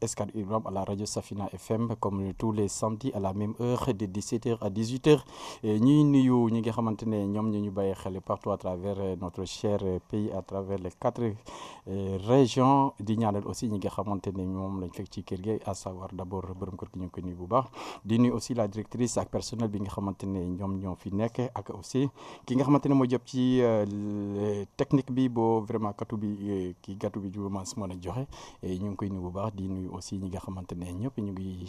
escadre à la radio Safina FM comme tous les samedis à la même heure de 17h à 18h ñuy nuyu ñi nga xamante ne ñoom ñu ñu partout à travers euh, notre cher euh, pays à travers les quatre euh, régions di aussi ñi nga xamante ne moom lañ ci à savoir d'abord abord nous ñu aussi la directrice ak personnel bi nga xamante ne ñoo fi nekk ak aussi ki nga xamantene mo moo ci technique bi bo vraiment katou bi ki gàttu bi jublumaas mën a et ñu koy nuyu bu baax nous aussi ñi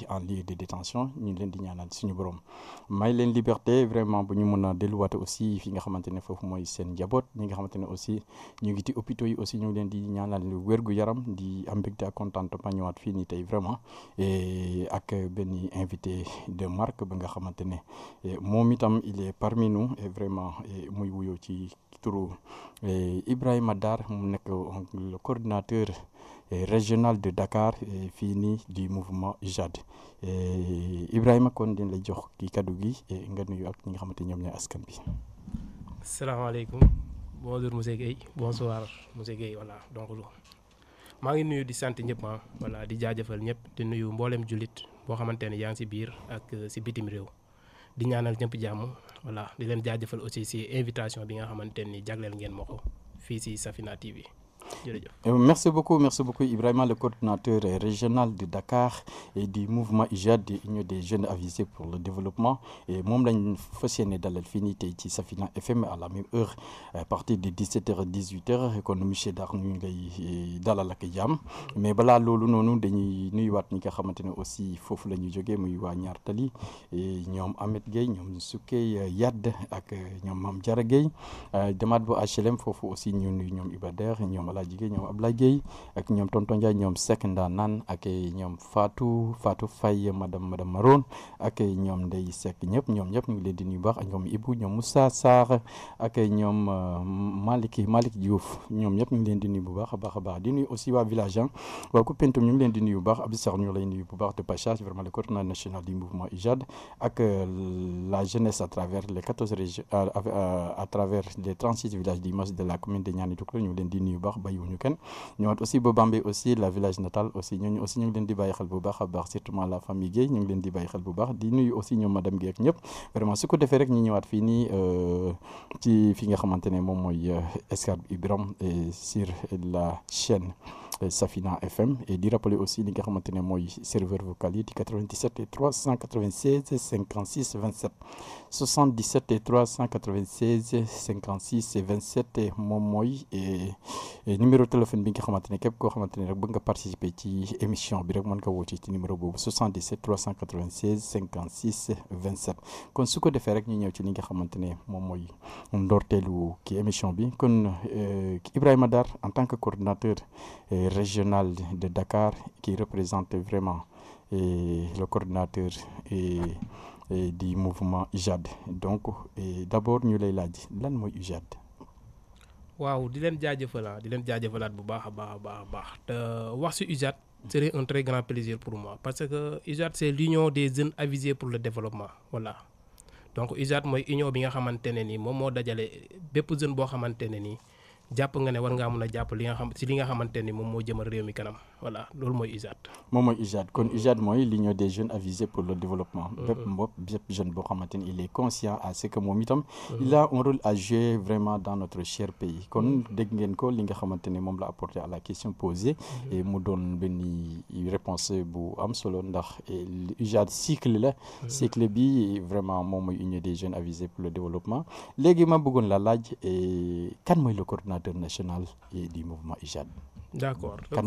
en lieu de détention nous leen di ñaanal suñu borom may liberté vraiment bu ñu aussi fi nga xamantene Nous moy seen ñi nga aussi ñu ngi hôpitaux aussi ñu leen di ñaanal di am vraiment et ak invité de marque ba nga il est parmi nous et vraiment muy wuyoo Ibrahima le coordinateur régional de Dakar et fini du mouvement JAD Ibrahim Kondin dina la jox ki kaddu gi nga nuyu ak ñi nga askan bi. bonjour Gueye. bonsoir monsieur Gueye, voilà donc Ma ngi nuyu di ah. voilà di Je ñepp di nuyu mbollem julit bo biir ak euh, ci bitim rew. di ñaanal voilà di leen aussi invitation bi nga ni ngeen mako fii Safina TV. Merci beaucoup, merci beaucoup Ibrahima, le coordinateur régional de Dakar et du mouvement IJAD Union des jeunes avisés pour le développement. Et moi, je fossienne dans l'infinité ici, Safina FM à la même heure, à partir de 17h 18h, économie chez Darnu Dalalak Mais voilà, lolo nonou, de Nuyuat Nika Hamatene aussi, Fofu la Nuyogé, Mouyua Nyartali, et Nyom Ahmed Gay, Nyom Suke Yad, ak Nyom Mam Djaragay, euh, Demad Bo HLM, Fofu aussi, Nyom Ibader, Nyom Ala jigéen ñoom Ablaye Gueye ak ñoom tonton Ndiaye ñoom Seck nan ak ñoom Fatou Fatou Faye madame madame maron ak ñoom Ndeye sek ñëpp ñoom ñëpp ñu ngi leen di nuyu baax ak ñoom Ibou ñoom Moussa Sarr ak ñoom maliki malik Diouf ñoom ñëpp ñu ngi leen di nuyu bu baax a baax a baax di nuyu aussi waa village an hein. waa Koupentoum ñu ngi leen di nuyu bu baax Abdou Sarr ñu ngi lay nuyu bu baax de passage vraiment le coordinateur national du mouvement IJAD ak euh, la jeunesse à travers les 14 régions à travers les 36 villages du de la commune de Niani Toukla ñu ngi leen di nuyu bu baax nous ken aussi bu bambé aussi la village natal aussi ñu aussi ñu ngi leen di baye xel bu baax la famille Guèye ñu ngi leen di baye xel bu baax di nuyu aussi ñoom madame Guèye ak ñep vraiment su ko rek ñu fi ni euh ci fi nga xamantene mom moy euh, sur la chaîne euh, Safina FM et d'y rappeler aussi les nga serveur vocalier 97 396 56 27 77 396 56 27 momoy et euh, euh, numéro de téléphone bi nga xamante ne pour participer à émission bi numéro 77 396 56 27 kon su ko rek ñu ñëw ci li nga moi on dort qui émission bien kon Ibrahima Dar en tant que coordinateur régional de Dakar qui représente vraiment et eh, le coordinateur et, eh, et eh, du mouvement IJAD. Donc, d'abord, ñu lay laaj lan mooy IJAD. Waouh, di leen jaajëfalaat di leen jaajëfalaat bu baax a baax a baax te wax ci IJAD serait un très grand plaisir pour moi parce que IJAD c'est l'union des jeunes avisés pour le développement voilà donc IJAD moy union bi nga xamantene ni mom mo dajale bép jeune bo xamantene ni jàpp nga ne war ngaa mun a jàpp li nga xam si li nga xamante ni moom moo jëmal réew mi kanam. voilà lool moy IJAD. moom mooy IJAD kon IJAD moy l'union des jeunes avisés pour le développement. Mm-hmm. bépp mbopp jeune boo il est conscient à ce que moom itam. Mm-hmm. il a un rôle à jouer vraiment dans notre cher pays kon nous, mm-hmm. ngeen ko li nga xamante mom la apporté à la question posée. et mu donne une réponse bu am solo ndax IJAD cycle la. cycle bi vraiment moom mooy union des jeunes avisés pour le développement légui ma bëggoon la laaj kan moy le coordinateur national du mouvement IJAD. d'accord kan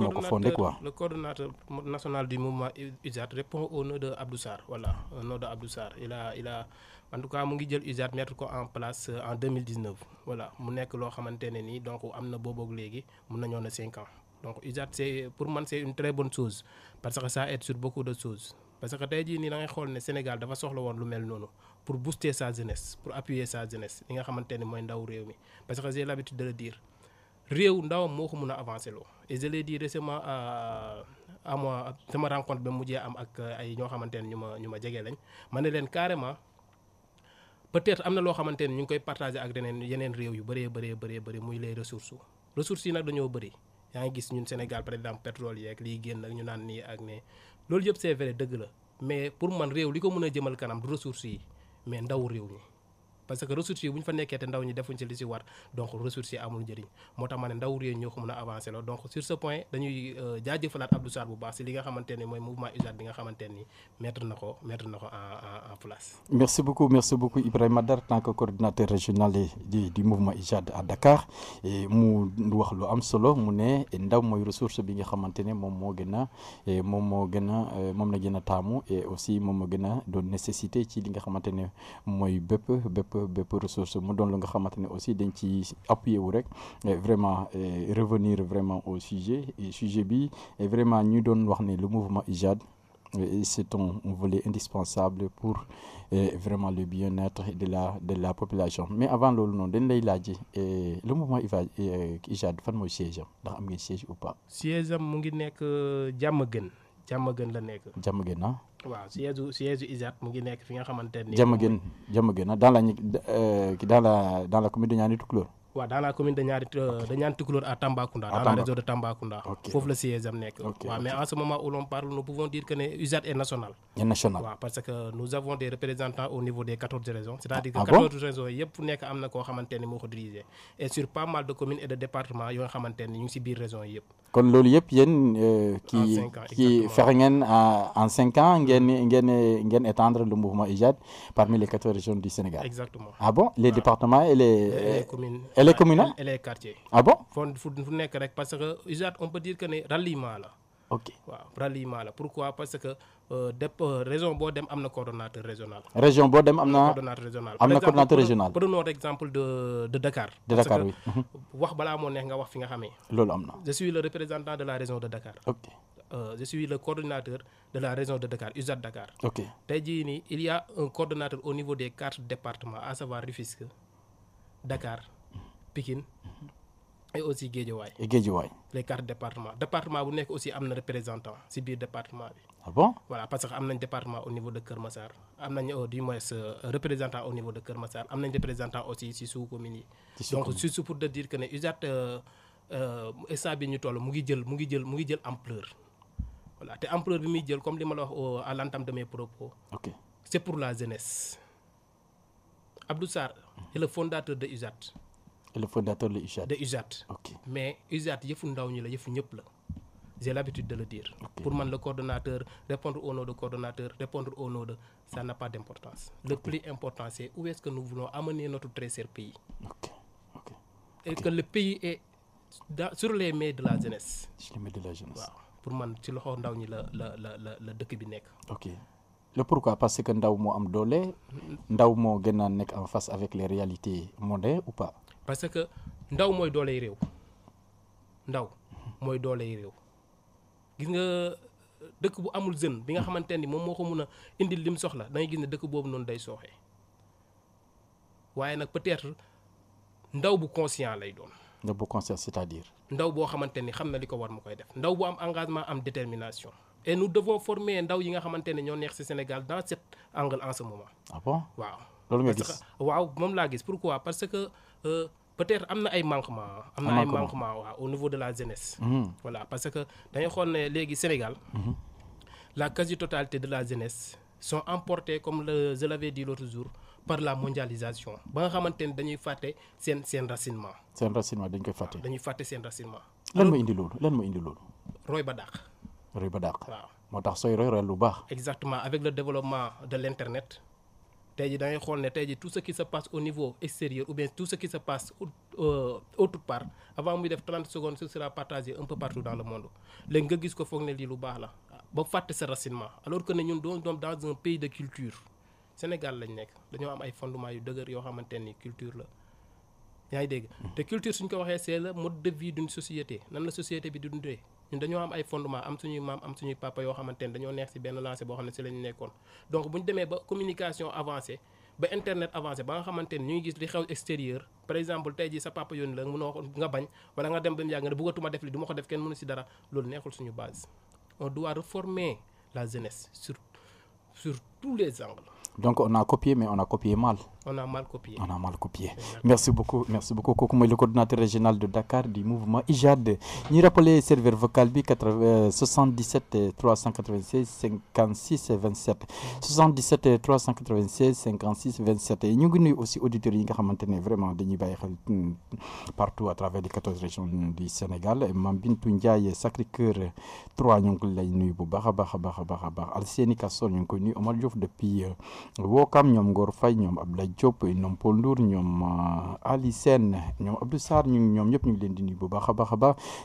le coordonnateur national du mouvement UZAT répond au nom de Abdou Voilà, au nom de Abdou Il a, il a, en tout cas, mon guide Uzad mettre ko en place euh, en 2019. Voilà, mu nekk loo xamante donc am a booboog na ans. Donc UZAT, c'est pour moi, c'est une très bonne chose parce que ça aide sur beaucoup de choses. parce que tu as dit que le Sénégal dafa soxla woon lu mel pour booster sa jeunesse pour appuyer sa jeunesse nga parce que j'ai l'habitude de le dire réew ndaw moo ko mun a avancé loo et je l'ai dit récemment à à moi sama rencontre ba mujjee am ak euh, ay ñoo xamante ne ñu ma ñu ma jege lañ ma ne leen carrément peut-être am na loo xamante ne ñu ngi koy partager ak yeneen yeneen réew yu bëree bëree bëree bëri muy les ressources ressources yi nag dañoo bëri yaa ngi gis ñun Sénégal par exemple pétrole yeeg liy génn ñu naan nii ak ne loolu yëpp c'est vrai dëgg la mais pour man réew li ko mën a jëmal kanam ressources yi mais ndaw réew ñi parce que ressources yi buñ fa nekkee ndaw ñi defuñ ci li ci war donc ressources yi amul njëriñ moo tax ma ne ndaw réew ñoo ko mën a avancer la donc sur ce point dañuy euh, jaajëfalaat Abdou Sarr bu baax ci li nga xamante ne mooy mouvement UJAD bi nga xamante mettre na ko mettre na ko en en place. merci beaucoup merci beaucoup Ibrahima Dar tant que coordinateur régional du du mouvement UJAD à Dakar mu wax lu am solo mu ne ndaw mooy ressource bi nga xamante ne moom moo gën a moom moo gën a euh, moom la gën a taamu et aussi moom moo gën a doon nécessité ci li nga xamante ne mooy bépp bépp bépp bépp ressource mu don la nga aussi dañ ci appuyer wu rek vraiment revenir vraiment au sujet et sujet bi vraiment ñu don wax ni le mouvement IJAD c'est un volet indispensable pour vraiment le bien-être de la de la population mais avant le nom dañ lay laaj le mouvement euh, IJAD fan mooy siège am ndax am ngeen siège ou pas. siège am mu ngi nekk jàmm gën jàmm gën la waaw siège siège ISAT mu ngi fi nga xamante ah, dans la euh, dans la dans la commune de ñaari Tukulóor. waaw dans la commune de ñaari euh, de à Tambacounda. dans la région de Tambacounda. foofu la siège am mais en ce moment où l'on parle nous pouvons dire que ne est national. est national waaw parce que nous avons des représentants au niveau des 14 régions. Ah, c'est-à-dire que 14 ah régions yépp nekk am na koo xamante ne moo et sur pas mal de communes et de départements yoo xamante ne ñu ngi si biir régions yépp kon loolu yëpp yéen euh, en cinq ans ngeen ngeen étendre le mouvement IJAD parmi les quatre régions du Sénégal. exactement ah bon les départements et les. communes et les communes et les quartiers. ah bon. fu rek parce que IJAD on peut dire que ne ralliement là ok waaw ralliement la pourquoi parce que euh, des euh, région boo dem am na coordonnateur régional. région boo dem am na coordonnateur régional. am na coordonnateur régional. prenons exemple de de Dakar. de Dakar oui mhm. wax balaa moo neex nga wax fi nga xamee. loolu am na. je suis le représentant de la région de Dakar. ok euh, je suis le coordinateur de la région de Dakar USAD Dakar. ok tey ni il y a un coordinateur au niveau des quatre départements à savoir Rufisque Dakar Pikine et aussi Guédiawaye. et les quatre départements département vous n'êtes aussi amené représentant si bien département ah bon voilà parce que am département au niveau de kermassar Massar am nañ euh, du moins euh, représentant au niveau de Kër Massar am représentant aussi si sous commune donc c'est pour te dire que les usages et bi ñu toll mu ngi jël mu ngi jël mu ngi ampleur. voilà ampleur bi muy comme les malheurs à l'entame de mes propos. ok c'est pour la jeunesse. Abdou Sarr est le fondateur de usat le fondateur de Usat, De Usat. Mais Usat il ndaw ñi la yëfu ñëpp la. J'ai l'habitude de le dire. Pour moi, le coordonnateur, répondre au nom de coordonnateur, répondre au nom de, ça n'a pas d'importance. Le plus important, c'est où est-ce que nous voulons amener notre très cher pays. Et que le pays est sur les mains de la jeunesse. Sur les mains de la jeunesse. Pour moi, ci le ndaw ñi la le le le Ok. le pourquoi parce que nous avons am dolé, Nous avons en face avec les réalités mondiales ou pas parce que ndaw moy rew ndaw moy rew gis nga euh, dëkk bu amul jeune bi nga xamanteni ni moom a indil lim soxla day peut-être ndaw bu conscient lay doon. ndaw bu conscient c'est-à-dire. ndaw boo xamante ni xam engagement am détermination. et nous devons former ndaw yi nga xamante ñoo neex Sénégal dans cet angle en ce moment. ah bon waaw. pourquoi parce que. Euh, peut-être amna ay manquement amna ay manquement wa au niveau de la jeunesse mhm. voilà parce que dañuy xool ne léegi Sénégal mhm. la quasi-totalité de la jeunesse sont emportés comme le je l'avais dit l'autre jour par la mondialisation ba nga xamante dañuy faté sen sen racinement sen racinement dañ koy faté dañuy faté sen racinement lan mo indi lolu lan mo indi lolu roy ba roy ba dàq motax soy roy roy lu bax exactement avec le développement de l'internet tayji da tout ce qui se passe au niveau extérieur ou bien tout ce qui se passe euh, autre part avant muy def 30 secondes ce sera partagé un peu partout dans le monde Ce nga gis ko foog ne li lu baax la ba racinement alors que nous ñun dans un pays de culture Sénégal lañ avons des am ay fondements yu dëgër yo culture la hmm. te culture suñ ko waxé c'est le mode de vie d'une société nan la société bi dundé ñun dañoo am ay fondement am suñuy maam am suñuy papa yoo xamante ne dañoo neex ci benn lancé boo xam ne ci lañu ñu nekkoon donc bu ñu demee ba communication avancée ba internet avancé ba nga xamante ne ñu gis li xew extérieur par exemple tey jii sa papa yoon la mënoo nga bañ wala nga dem ba mu yàgg nga ne bëggatuma def li du ma ko def kenn mënu ci dara loolu neexul suñu base on doit reformer la jeunesse sur sur tous les angles. donc on a copié mais on a copié mal. On a mal copié. On a mal copié. Merci beaucoup, merci beaucoup. Kokoum le coordinateur régional de Dakar du mouvement IJAD. rappelons le serveur vocal B 77 396 56 27. 77 396 56 27. Et nous avons aussi auditeurs qui ont vraiment hmm, partout à travers les 14 régions du Sénégal. Mambin Tundiaye, Sacré-Cœur, 3 nous avons baha baha baha baha baha. Alcieni Kassor, nous avons connu Omar Diouf depuis euh, Wokam, nous Gorfay, nous Diop ñoom Paul Ndour ñoom Ali Sène ñoom Abdou Sarr ñu ñoom ñëpp ñu ngi leen di nuyu bu baax a baax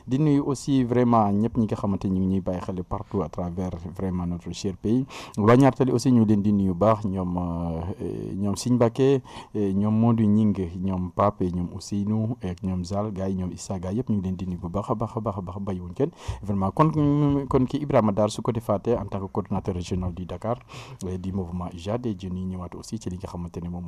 di nuyu aussi vraiment ñëpp ñi nga xamante ñi ngi ñuy bàyyi xel partout à travers vraiment notre cher pays waa Ñaartali aussi ñu leen di nuyu baax ñom euh, ñom Signe Mbacké euh, ñom Modou Ñing ñom Pape ñoom Ousseynou ak ñom Zal gars ñom ñoom Issa gars yëpp ñu ngi leen di nuyu bu baax a baax a baax a vraiment kon kon ki Ibrahima Dar su ko Faté en tant que coordinateur régional du Dakar euh, du mouvement IJAD jeunes yi ñëwaat aussi ci li nga xamante ne moom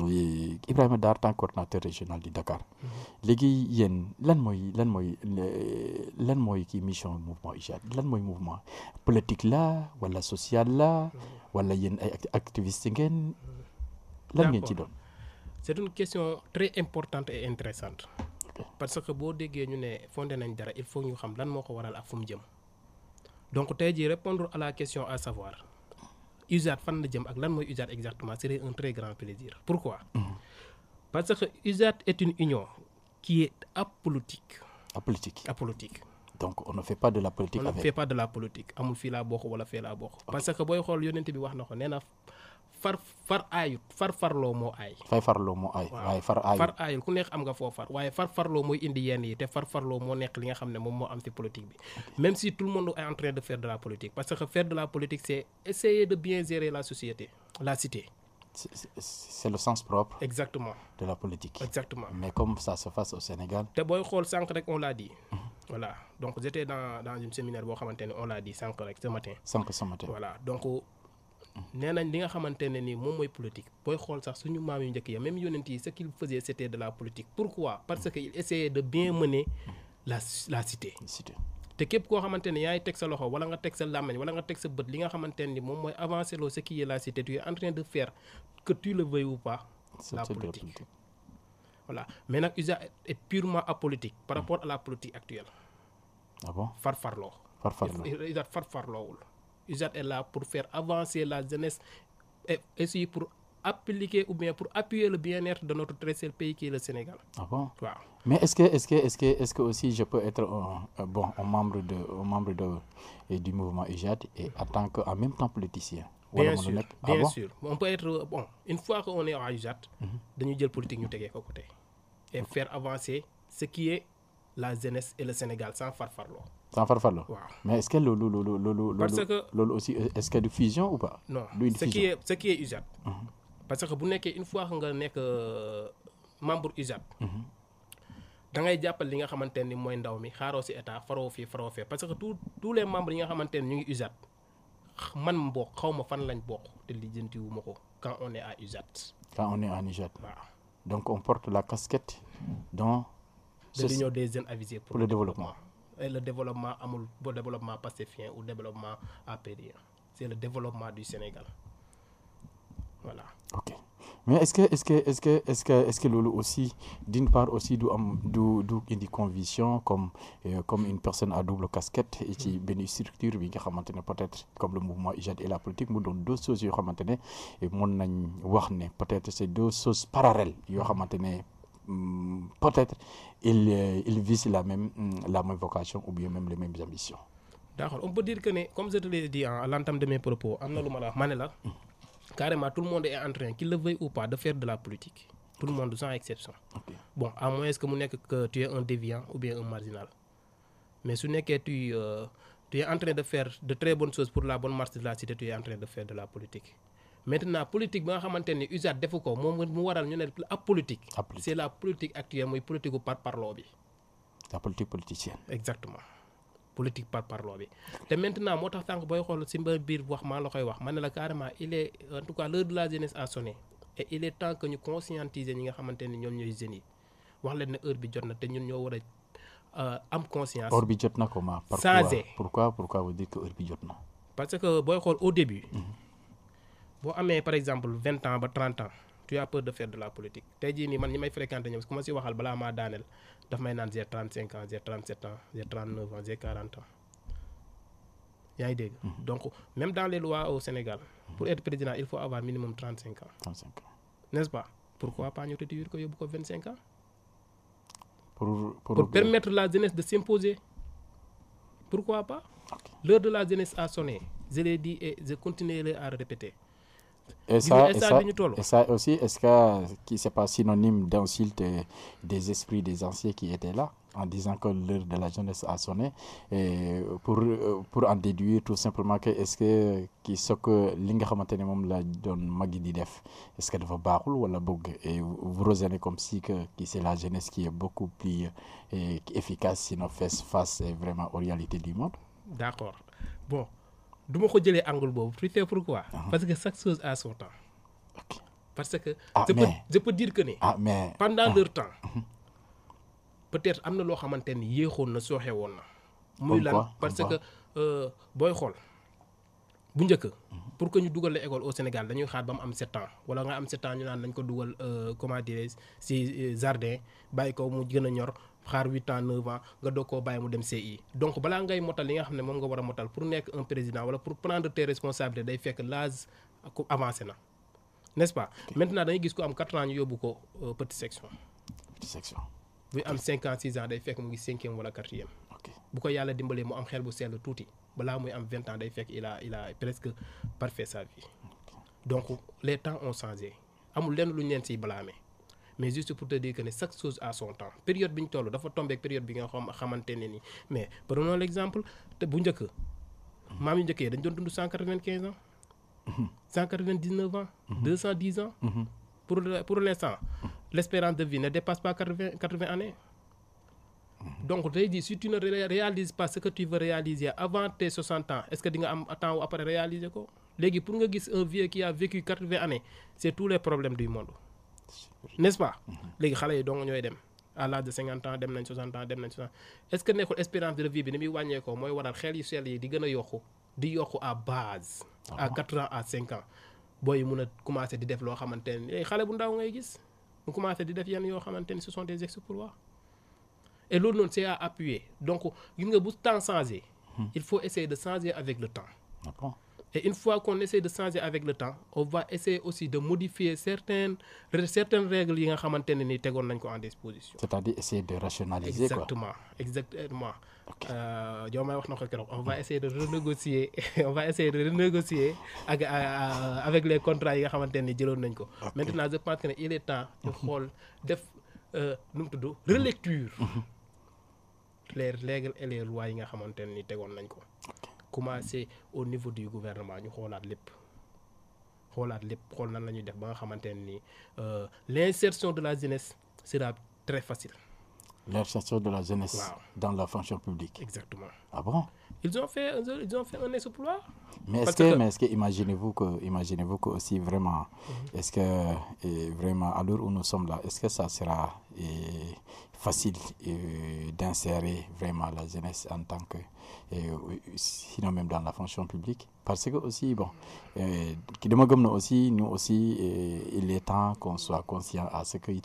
Ibrahima Dar tant coordinateur régional du Dakar mhm. léegi yéen lan mooy lan mooy lan mooy kii mission mouvement IJAD lan le mouvement politique là, wala social la wala yéen ay activiste ngeen lan ngeen ci doon c'est une question très importante et intéressante parce que boo déggee ñu ne fondé nañ dara il faut ñu xam lan moo ko waral ak fu jëm donc tey jii répondre à la question à savoir usaat fan la jëm ak lan mooy exactement serait un très grand plaisir pourquoi parce que usaat est une union qui est apolitique apolitique apolitique donc on ne fait pas de la politique on ne fait pas de la politique amul fii laa bokk wala fee la bokk parce que boy xol yonent bi wax na ko far far aayut far farloo moo Ay far lo mo Ay way far ay far aayul ku neex am nga fo far way far lo moy indi yenn yi te far lo mo neex li nga xamne mom mo am ci politique bi. même si tout le monde est en train de faire de la politique parce que faire de la politique c'est essayer de bien gérer la société la cité. c'est le sens propre. exactement de la politique. exactement mais comme ça se passe au Sénégal. te boy xol sank rek on l'a dit. Mhm. voilà donc j'étais dans dans une séminaire bo xamante on l'a dit sank rek ce matin. sank ce matin voilà donc nee nañ li nga xamante ne ni moom mooy politique booy xool sax suñu maam yu njëkk ya même yonent yi ce qu'il faisait c'était de la politique pourquoi parce que il essayait de bien mener la la cité te képp koo xamante ne yaay teg sa loxo wala nga teg sa làmmiñ wala nga teg sa bët li nga xamante ni moom mooy avancer loo ce qui est la cité tu es en train de faire que tu le veuilles ou pas la politique voilà mais nag usa est purement apolitique par rapport à la politique actuelle ah bon farfarloo farfarloo farfarloowul UJAT est là pour faire avancer la jeunesse et essayer pour appliquer ou bien pour appuyer le bien-être de notre très seul pays qui est le Sénégal. Ah Mais est-ce que, est-ce que, est-ce que, est-ce que aussi je peux être un, bon, un membre de, un membre de, et du mouvement UJAT et en tant que, en même temps politicien? bien sûr ah bien sûr on peut être bon une fois qu'on est à UJAT mhm. dañuy jël politique ñu côté et faire avancer ce qui est la jeunesse et le Sénégal sans farfarlo. sans farfarlo. mais est ce que lolo lolo lolo parce que aussi euh, est ce que de fusion ou pas. non ce qui est ce qui est Usat. Mhm. parce que bu nekkee une fois nga nekk euh, membre UJAP. Mhm. da ngay jàppal li nga xamante ni mooy ndaw mi xaaroo si état faroo fii faroo fee parce que tous tous les membres yi nga xamante ni ñu ngi usat man mbokk xaw ma fan lañ bokk te lijjanti wu ma ko quand on est à Usat. quand on est à Usat. waaw donc on porte la casquette dans de l'Union des jeunes avisés pour, le, développement. Et le développement amul le développement pacifien ou développement apérien. C'est le développement du Sénégal. Voilà. OK. mais est-ce que est-ce que est-ce que est-ce que est-ce que Lolo aussi d'une part aussi du am conviction comme euh, comme une personne à double casquette et qui, structure bi qui a maintenir peut-être comme le mouvement IJAD et la politique mu donne deux choses qui xamante ne peut-être c'est deux choses parallèles qui ont maintenu Mm, peut-être il euh, ils, visent la même, mm, la même vocation ou bien même les mêmes ambitions. D'accord. On peut dire que, comme je te l'ai dit à l'entame de mes propos, Manela, mm. carrément tout le monde est en train, qu'il le veuille ou pas, de faire de la politique. Tout le monde, sans exception. Bon, à moins que, que tu es un déviant ou bien un marginal. Mais ce n'est que tu, euh, tu es en train de faire de très bonnes choses pour la bonne marche de la cité, tu es en train de faire de la politique maintenant politique nga xamante ne defu waral ñu ne politique. c'est la politique actuelle politique par parloo la politique politicienne. exactement politique par parloo bi te maintenant moo tax sànq booy xool wax la koy wax il est en tout cas l'heure de la jeunesse et il est temps que ñu conscientiser ñi nga xamante wax leen heure bi euh, conscience. heure bi pourquoi pourquoi vous dites que heure bi parce que booy xool au début. Mhm boo amee par exemple vingt ans ba trente ans tu as peur de faire de la politique tey jii nii man ñi may fréquenté ñoom ku je si waxal balaa maa daaneel daf may naan j'ai trente cinq ans j'ai trente sept ans j'ai trente neuf ans j'ai quarante ans yaa ngi mhm. donc même dans les lois au Sénégal. Mhm. pour être président il faut avoir minimum 35 ans. trente ans n'est-ce pas pourquoi pas ñu réduire ko yóbbu ko vingt cinq ans. pour pour permettre la jeunesse de s'imposer pourquoi pas. l'heure de la jeunesse a sonné je l'ai dit et je continuerai à le répéter. Et ça, ça, aussi, est-ce que ce n'est pas synonyme d'insulte des esprits des anciens qui étaient là en disant que l'heure de la jeunesse a sonné et pour, pour en déduire tout simplement que est-ce que qui ce que li nga est-ce que dafa baaxul wala bug et vous raisonnez comme si que qui c'est la jeunesse qui est beaucoup plus efficace si on fait face vraiment aux réalités du monde d'accord bon du ma ko jëlee angle boobu tu sais pourquoi. Uh-huh. parce que chaque chose a son temps. parce que. ah mais je peux je peux dire que ne. ah mais pendant ah. leur temps. Uh-huh. peut-être am na loo xamante ni yéexoon na sooxe woon na. muy lan parce que euh, booy xool bu njëkk. Uh-huh. pour que ñu dugal la école au Sénégal dañuy xaar ba mu am sept ans wala nga am sept ans ñu naan nañ ko dugal euh, comment dire si euh, jardin bàyyi ko mu gën a ñor xaar 8 ans 9 ans nga doo koo bàyyi mu dem CI donc bala ngay motal li nga nga motal pour un président wala pour prendre tes responsabilités day fekk l'âge avancé na ce pas maintenant dañuy y ko am 4 ans il y ko une petite section petite section bu y am 5 ans 6 ans day fekk mu ngi 5e wala 4e okay. bu ko yàlla dimbalee mu am xel bu sell tuuti Il muy am 20 ans day il a il a presque parfait sa vie donc les temps ont changé Il a amul lenn lu ñeent si balaamee mais juste pour te dire que chaque chose à son temps période biñ ñu dafa tomber période bi nga xam mais prenons l'exemple te bu njëkk mam yu njëkk yi dañ doon dund 195 ans 199 ans 210 ans pour pour l'instant l'espérance de vie ne dépasse pas 80 80 années donc tey jii si tu ne réalises pas ce que tu veux réaliser avant tes 60 ans est-ce que tu nga am temps après réaliser ko léegi pour nga un vieux qui a vécu 80 années c'est tous les problèmes du monde n'est-ce pas les xalé yi donc ñoy dem à l'âge de 50 ans dem nañ 60 ans dem nañ 60 est-ce que nekul espérance de vie bi ni mi wañé ko moy waral xel yi sel yi di gëna di à base à 4 ah. ans à 5 ans boy mu na commencer di def lo xamanteni les xalé bu ndaw ngay gis mu commencer di def yenn yo ce sont des excès pour voir et l'autre non c'est à appuyer donc gis nga bu temps changer hmm. il faut essayer de changer avec le temps d'accord et une fois qu'on essaie de changer avec le temps, on va essayer aussi de modifier certaines, certaines règles qui sont en disposition. C'est-à-dire essayer de rationaliser. Exactement. Quoi. exactement. Euh, on va essayer de renégocier, on va essayer de renégocier avec, les contrats qui sont en disposition. Maintenant, je pense qu'il est temps mhm. de faire euh, relecture mhm. les règles et les lois qui sont en disposition commencé au niveau du gouvernement euh, l'insertion de la jeunesse sera très facile. l'insertion de la jeunesse. dans la fonction publique. Exactement. Ah bon Ils ont fait, ils ont fait un Mais est-ce que, Mais est que imaginez-vous que, imaginez que aussi vraiment, mhm. est-ce que vraiment à l'heure où nous sommes là, est-ce que ça sera et, facile euh, d'insérer vraiment la jeunesse en tant que, euh, sinon même dans la fonction publique. Parce que aussi, bon, euh, comme nous aussi, nous aussi, il est temps qu'on soit conscient à ce que mhm.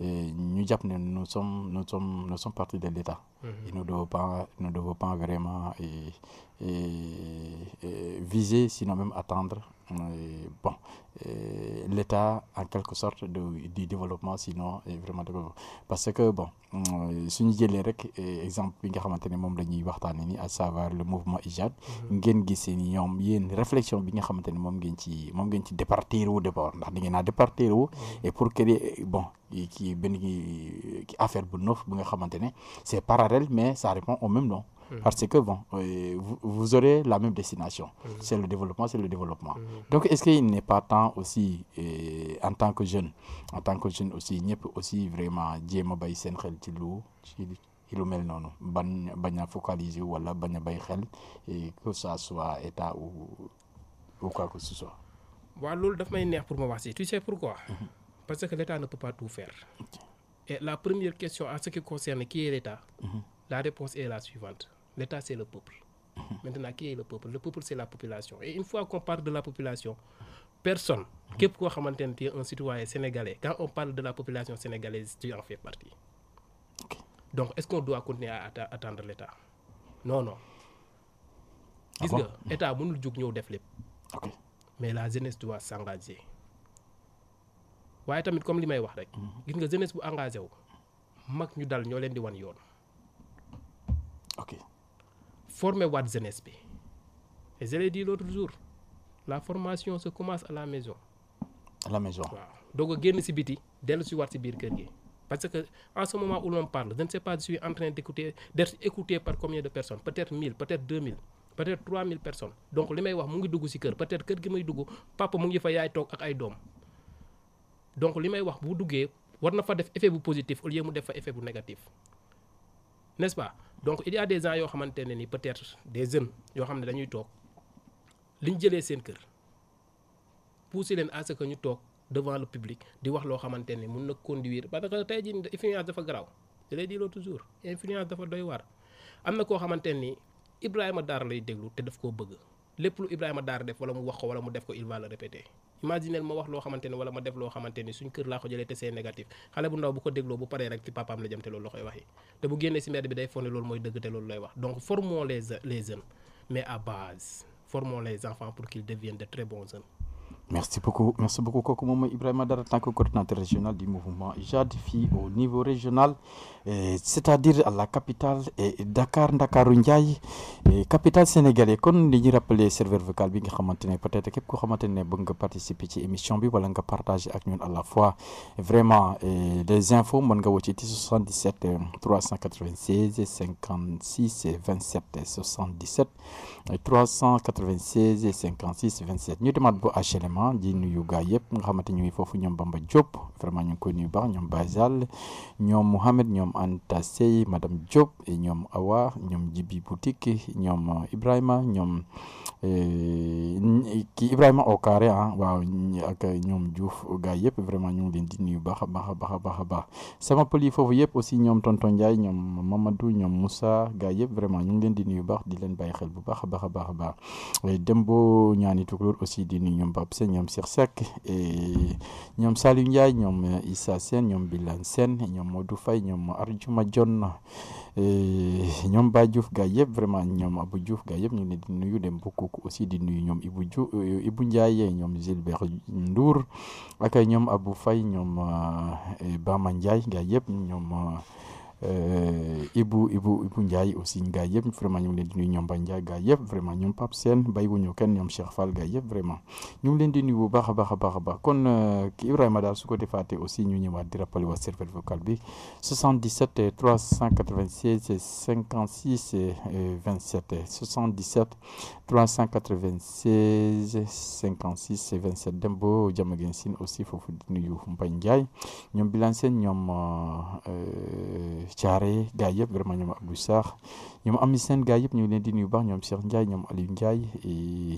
nous, nous sommes, nous sommes, nous sommes partis de l'État. Mhm. Et nous ne devons pas, devons pas vraiment et viser, sinon même attendre bon, l'État, en quelque sorte, de, du développement, sinon, est vraiment de Parce que, bon, euh, si nous exemple, à savoir le mouvement IJAD, mhm. nous avons ni ñoom réflexion bi nga xamante ne moom ci moom ci départir d'abord ndax avons ngeen naa mhm. et pour créer bon qui benn ki affaire bu neuf c'est parallèle mais ça répond au même nom Mm-hmm. Parce que, bon, euh, vous, aurez la même destination. Mm-hmm. C'est le développement, c'est le développement. Mm-hmm. Donc, est-ce qu'il n'est pas temps aussi, euh, en tant que jeune, en tant que jeune aussi, il peut aussi vraiment dire, mel focaliser wala que ça soit état ou quoi que ce soit. neex pour tu sais pourquoi. parce que l'État ne peut pas tout faire. la première question en ce qui concerne qui est l'État, la réponse est la suivante. L'État, c'est le peuple. Mhm. Maintenant, qui est le peuple Le peuple, c'est la population. Et une fois qu'on parle de la population, personne, qui est un citoyen sénégalais, quand on parle de la population sénégalaise, tu en fais partie. Donc, est-ce qu'on doit continuer à attendre l'État Non, non. L'État ah nga état mënul jóg ñëw def mais la jeunesse doit s'engager waaye tamit comme li wax rek. Mhm. nga jeunesse bu engagé wu mag ñu dal ñoo di wan ok former waat jeunesse et je l'ai dit l'autre jour la formation se commence à la maison. à la maison donc doog a génn si biti dellu si waat biir gi. Parce que en ce moment où l'on parle, je ne sais pas, si je suis en train d'écouter, d'être écouté par combien de personnes Peut-être 1000, peut-être 2000, peut-être 3000 personnes. Donc, les meilleurs, je suis si cœur. Peut-être que je suis papa, je suis fait un dom. Donc, les meilleurs, vous dougez, vous avez fait effet positif au lieu de faire effet négatif. N'est-ce pas donc il des gens yoo xamante ne ni peut des jeunes yoo xam ne dañuy toog liñ jëlee seen kër pousser leen à ce ñu toog devant le public di wax loo xamante ne mun na conduire ba que tey jii influence dafa garaaw je l'ai loo toujours influence dafa doy war am na koo xamante ni Ibrahima Dar lay déglu te daf koo bëgg lépp lu Ibrahima Dar def wala mu wax ko wala mu def ko il va le imaginel ma wax loo xamante ne wala ma def loo xamante ni suñ kër laa ko jëlee te négatif xale bu ndaw bu ko dégloo bu paree rek ci papaam la jëm te loolu la koy waxee te bu génnee si mbedd bi day foog ne loolu mooy dëgg te loolu lay wax donc formons les les jeunes mais à base formons les enfants pour qu'ils deviennent de très bons jeunes Merci beaucoup. Merci beaucoup, Kokumomo Ibrahim Adar, tant que coordinateur régional du mouvement Jadifi au niveau régional, c'est-à-dire à la capitale Dakar, Dakar Ndiaye, capitale sénégalaise. Comme nous rappeler, serveur vocal, bien peut-être que vous avez participé à l'émission, vous avez partagé avec nous à la fois vraiment des infos. Vous avez 77 396 56 27 77 396 56 27. Nous demandons à HLM vraiment di nuyu gaa yëpp nga xamante ñuy foofu ñoom Bamba Diop vraiment ñu ngi koy nuyu baax ñoom Baye Sall ñoom Mouhamed ñoom Anta Sey madame Diop et ñoom Awa ñoom Jibi Boutique ñoom euh, Ibrahima ñoom euh, kii Ibrahima au carré ah waaw ak ñoom Diouf gaa yëpp vraiment ñu ngi leen di nuyu baax baax baax baax baax sama pël yi yëpp aussi ñoom tonton Ndiaye ñoom Mamadou ñoom Moussa gaa yëpp vraiment ñu ngi leen di nuyu baax di leen bàyyi xel bu baax a baax a baax a dem boo ñaani tukulóor aussi di nuyu ñoom Pape ñoom Cheikh Seck ñoom Saliou Ndiaye ñoom eh, Issa Sène ñoom Bilane Sène ñoom Modou Faye ñoom Arjuma Dione eh, ñoom baa Diouf gaa yëpp vraiment ñoom Abou Diouf gaa yëpp ñu ngi di nuyu dem bokk aussi di nuyu ñoom Ibou Diouf eh, Ibou Ndiaye ñoom Gilbert Ndour ak ñoom Abou Faye ñoom Bama Ndiaye gaa yëpp ñoom. Eh, ibu Ibu Ibu Ndiaye aussi nga yeb vraiment ñu ngi leen di nuyu ñoom Ba Ndiaye gaa yëpp vraiment ñoom Pape Sène ñu kenn ñom Cheikh Fall ga yeb vraiment ñu ngi leen di nuyu bu baax a baax ba kon euh, Ibrahima dal su ko aussi ñu ñëwaat di rappelé wa serveur vocal bi 77 396 56 27 77 396 56 27 dembo bo aussi fofu di nuyu Mbaye ñom bilanse Bilane Thiaré gars yëpp vraiment ñoom Abdou Sarr ñoom am seen gars yëpp ñu ngi leen di baax ñoom Cheikh Ndiaye ñoom Aliou Ndiaye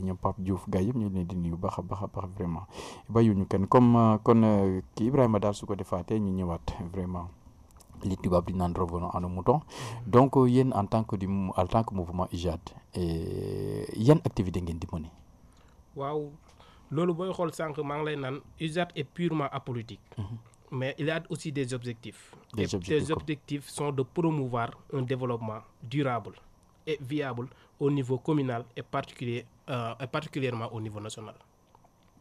ñoom Pape Diouf gars yëpp ñu ngi leen di nuyu baax a baax a baax vraiment bàyyiwuñu kenn comme euh, kon euh, ki Ibrahima daal su ko defaatee ñu ñëwaat vraiment. li tubaab di naan revenons à nos moutons donc euh, yéen en tant que du en tant que mouvement IJAD yan activité ngeen di mener. waaw loolu booy xool sànq lay naan IJAD est purement apolitique. Mhm. mais il y a aussi des objectifs. Des objectifs, sont de promouvoir un développement durable et viable au niveau communal et, particulier, euh, particulièrement au niveau national.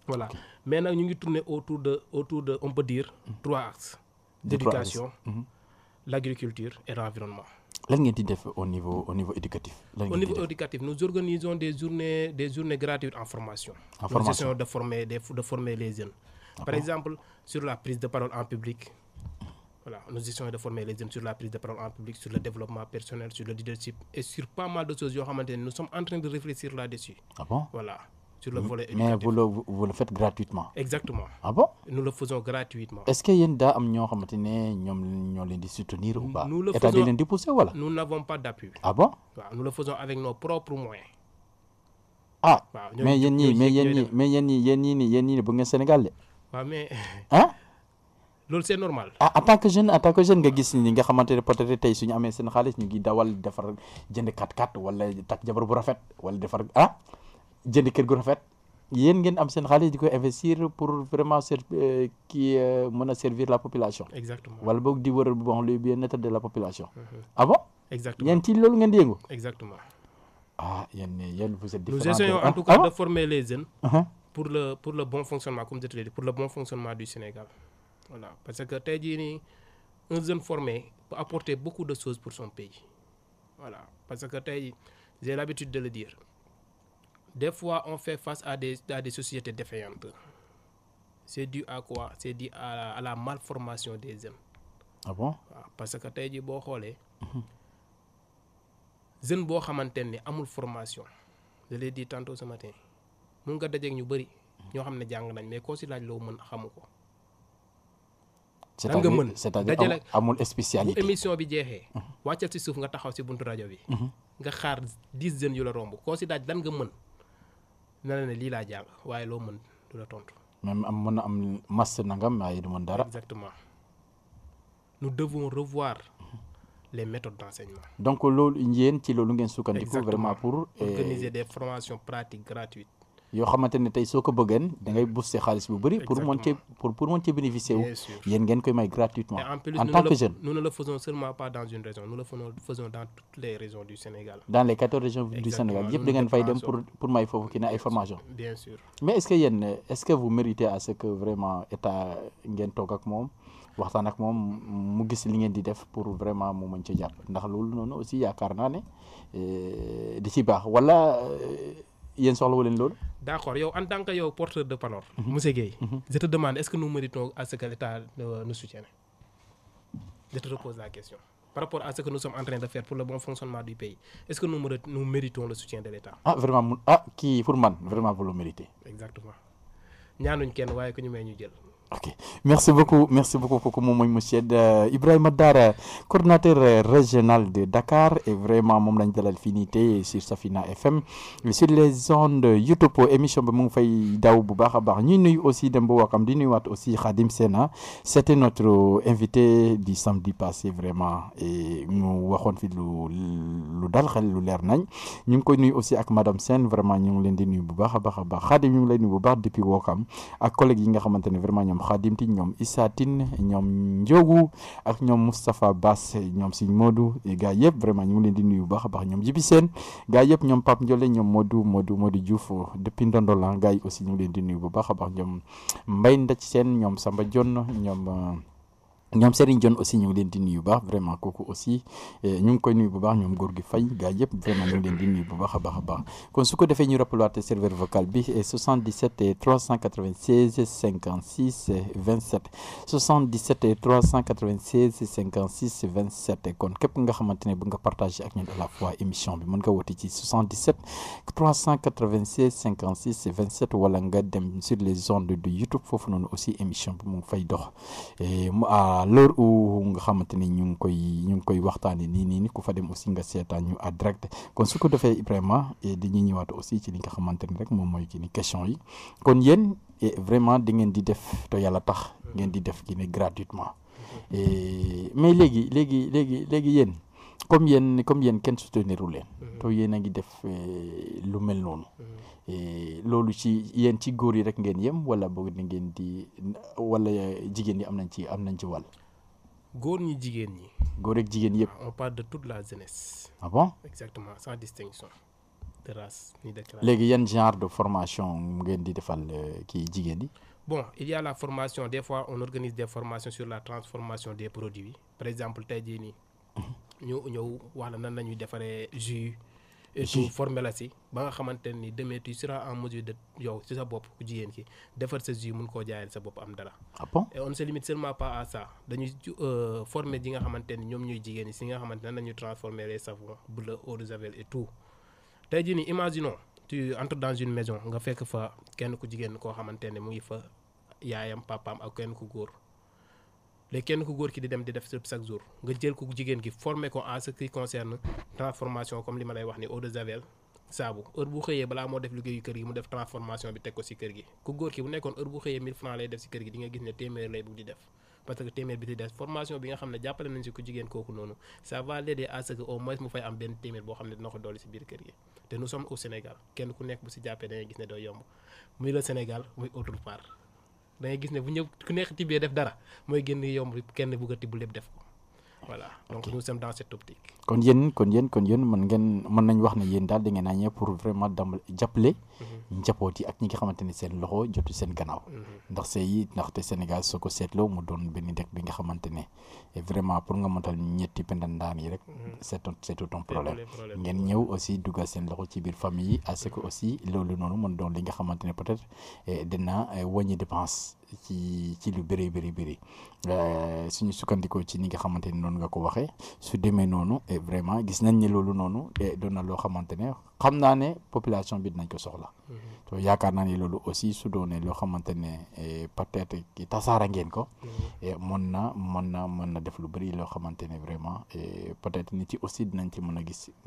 Voilà. Maintenant, nous tournons autour de, autour de, on peut dire, trois axes. L'éducation, mhm. l'agriculture et l'environnement. au niveau, au niveau éducatif Au niveau éducatif, nous organisons des journées, des journées gratuites en formation. En nous essayons de former, de former les jeunes. Par exemple, sur la prise de parole en public. Voilà, nous essayons de former les jeunes sur la prise de parole en public, sur le développement personnel, sur le leadership et sur pas mal de choses. Nous sommes en train de réfléchir là-dessus. Ah bon Voilà. Mais vous le, vous le, faites gratuitement Exactement. Ah bon Nous le faisons gratuitement. Est-ce qu'il y a une dame qui soutenir ou pas Nous le faisons. Pousser, voilà? Nous n'avons pas d'appui. Ah bon Nous le faisons avec nos propres moyens. Ah, ni, mais ni, mais ni, mais yéni, yéni, ni yéni, yéni, sénégalais waaw mais ah. loolu c'est normal. ah en tant que jeune en tant que jeune nga gis ni nga xamante ne peut-être tey suñu amee seen xaalis ñu ngi dawal defar jënd 4x4 takk jabar bu rafet wala defar ah jënd kër gu rafet yéen ngeen am seen xaalis di ko investir pour vraiment ser kii euh, euh, mën servir la population. exactement wala boog di war bon le bien-être de la population. Mm-hmm. ah bon. exactement yéen ci loolu ngeen di yëngu. exactement. ah yéen yéen vous êtes. différents nous en tout cas ah de former pour le pour le bon fonctionnement comme je te pour le bon fonctionnement du Sénégal voilà parce que tey un jeune formé peut apporter beaucoup de choses pour son pays voilà parce que tey j'ai l'habitude de le dire des fois on fait face à des à des sociétés défaillantes c'est dû à quoi c'est dû à, à la malformation des jeunes. ah bon parce que tey jii boo mhm. jeune bon amul formation je l'ai dit tantôt ce matin mun nga dajeeg ñu bëri ñoo xam ne jàng nañ mais koo si laaj loo mën xamu ko. lan nga mën dajale amul spécialité bu émission bi jeexee. Mhm. wàccal si suuf nga taxaw si buntu rajo bi. Mhm. nga xaar dix jeunes yu la romb koo si laaj dan nga mën na la ne lii laa jàng waaye loo mën du la tontu. même am mën na am masse nangam waaye du mën dara. exactement nous devons revoir. Mhm. les méthodes d'enseignement. Donc, ci l'eau, une yéen, vraiment pour eh, organiser des formations pratiques gratuites yo xamante tay soko soo da ngay booster xaliss bu bëri pour mën pour pour mën cee bénéficier wu yéen ngeen koy may gratuitement en tant que jeune nous ne le faisons seulement pas dans une région nous le faisons dans toutes les régions du Sénégal dans les 14 régions du Sénégal yëpp da ngeen fay dem pour pour may fofu ki na ay formation bien sûr mais est-ce que yéen est-ce que vous méritez à ce que vraiment état ngeen tok ak mom waxtan ak mom mu gis li ngeen di def pour vraiment mu mën ci japp ndax lolu noonu aussi yakarna naa euh di ci bax wala euh, D'accord. soxla wu leen loolu. en tant que porteur de parole. Mhm. monsieur mhm. je te demande est ce que nous méritons à ce que l'État euh, nous soutienne. je te repose la question par rapport à ce que nous sommes en train de faire pour le bon fonctionnement du pays est ce que nous méritons le soutien de l'État ah vraiment ah pour vraiment vous le méritez. exactement ñaanuñ kenn waaye ku ñu may ñu ok merci beaucoup merci beaucoup pour comment mooy monsieur Ibrahima Dara coordinateur régional de Dakar et vraiment mon lañ dalal finité sur Safina FM sur les ondes YouTube émission de mon fay daw bu sommes aussi Demba Wakam di aussi Khadim Sena c'était notre invité du samedi passé vraiment et nous avons fi le lu dal xel lu leer nañ ñu ngi koy aussi ak madame Sen vraiment ñu ngi leen di nuyu bu baax Khadim ñu ngi lay nuyu bu depuis Wakam ak collègues yi nga xamante vraiment ñoom Khadim Tine ñoom Issa Tine ñoom Ndiogu ak ñoom Moustapha Bass ñoom Sëñ Modou ga yëpp vraiment ñu ngi leen di nuyu bu baax a baax ñoom Jibi Sène gars yëpp ñoom Pape Ndiolé ñoom Modou Modou Modou Diouf depuis Ndondolan gars yi aussi ñu ngi leen di nuyu bu baax a baax ñoom Mbaye Ndac seen ñoom Samba Dione ñoom euh, ñom Serigne John aussi ñu ngi leen di nuyu bu baax vraiment koku aussi eh, ñu ngi koy nuyu bu baax ñom gor gui fay gaay yépp vraiment ñu leen di nuyu bu baax a baax baax kon su ko defee ñu rappelwaate serveur vocal bi 77 396 56 27 77 396 56 27 kon kep nga xamante ne bu nga partager ak ñun à la fois émission bi mën nga woti ci 77 396 56 27 wala nga dem sur les ondes de YouTube fofu non aussi émission bi mu fay dox eh, mu ah, à l'heure où nga xamante ni ñu ngi koy ñu ngi koy waxtaanee nii nii ni ku fa dem aussi nga seetaan ñu à direct kon su ko defee Ibrahima eh, dañuy ñëwaat aussi ci li nga xamante ni rek moom mooy ci ni question yi kon yéen eh, vraiment di ngeen di def to yàlla tax ngeen di def ki ne gratuitement mm-hmm. eh, mais léegi léegi léegi léegi yéen. comme yéen comme yéen ken soutenir leen. Mm-hmm. te to a ngi def eh, lu mel mm-hmm. euh lolu ci yéen ci góor yi rek ngeen yem wala boog ni ngeen di wala jigen ni am nañ ci am nañ ci wal góor ni jigen ni ak jigen on parle de toute la jeunesse. ah bon exactement sans distinction de race ni de classe. léegi genre de formation ngeen di defal eh, ki jigen ni Bon, il y a la formation. Des fois, on organise des formations sur la transformation des produits. Par exemple, Tadjini, ñu ñëw wax la nan ñuy defaree jus et tout formé la si ba nga xamante ni demee tu seras en mesure de yow ci sa bopp ku jigéen ki defar sa jus mun koo jaayal sa bopp am dara. ah bon et on se limite seulement pas à ça dañuy euh, former ji nga xamante ni ñoom ñooy jigéen ñi si nga xamante nan transformer les savons bu la eau et tout tey jii nii imaginons tu entres dans une maison nga fekk fa kenn ku jigéen koo xamante ne mu ngi fa yaayam papaam ak kenn ku góor léegi kenn ku góor ki di dem di def chaque jour nga jël ko jigéen gi formé ko en ce qui concerne transformation comme li ma lay wax ni eau de javel saabu heure bu xëyee balaa moo def liggéeyu kër gi mu def transformation bi teg ko si kër gi ku góor ki bu nekkoon heure bu xëyee 1000 francs lay def si kër gi di nga gis ne téeméer lay bu di def parce que téeméer bi di des formation bi nga xam ne jàppale nañ si ku jigéen kooku noonu ça va l'aider à ce que au moins mu fay am benn téeméer boo xam ne dina ko dolli si biir kër gi te nous sommes au Sénégal kenn ku nekk bu si jàppee da ngay gis ne doo yomb muy le Sénégal muy autre part da ngay gis ne bu ñëw ku neex tibbee def dara mooy génn yomb kenn bugg a tibb lépp def ko voilà donc nous sommes dans cette optique kon yéen kon yéen kon yéen man ngeen man nañ wax ne yeen daal da ngeen a pour vraiment dam jàppale mhm. njaboot yi ak ñi nga xamante seen loxo jotu seen gannaaw mhm. ndax c'est yi ndax ndaxte Sénégal soko setlo mu doon benn dëkk bi nga xamante et vraiment pour nga mëntal ñetti pendandaan yi rek mhm. c'est c'est tout un problème ngeen ñew aussi dugal seen loxo ci biir famille yi à ce que aussi loolu noonu mën doon li nga xamante peut-être et eh, dina eh, wàññi dépense ci ci lu bëri bëri bëri eh, suñu sukkandikoo ci ni nga xamante ne noonu nga ko waxee su demee noonu vraiment gis nañ ni loolu nonu et na lo xamantene xam population bi dinañ ko soxla. Mhm. to yaakar naa ni lolu aussi su le lo xamantene eh, peut-être ki tasara ngeen ko. Mhm. et eh, na monna na na def lu bari vraiment eh, peut-être ni aussi dinañ ci gis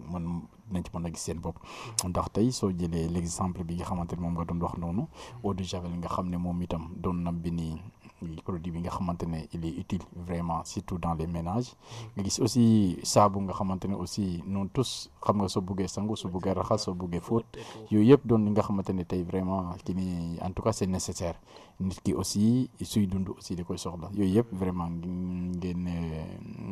mon ci gis mhm. l'exemple bi nga xamantene mom nga wax de javel nga le produit il est utile vraiment surtout dans les ménages nga aussi sabu nga xamantene aussi tous xam nga so buggee sangu so buggee raxa so buggee foot yooyu yep don nga xamantene tay vraiment en tout cas c'est nécessaire nit ki aussi suy dund aussi di koy soxla yooyu yëpp vraiment ngeen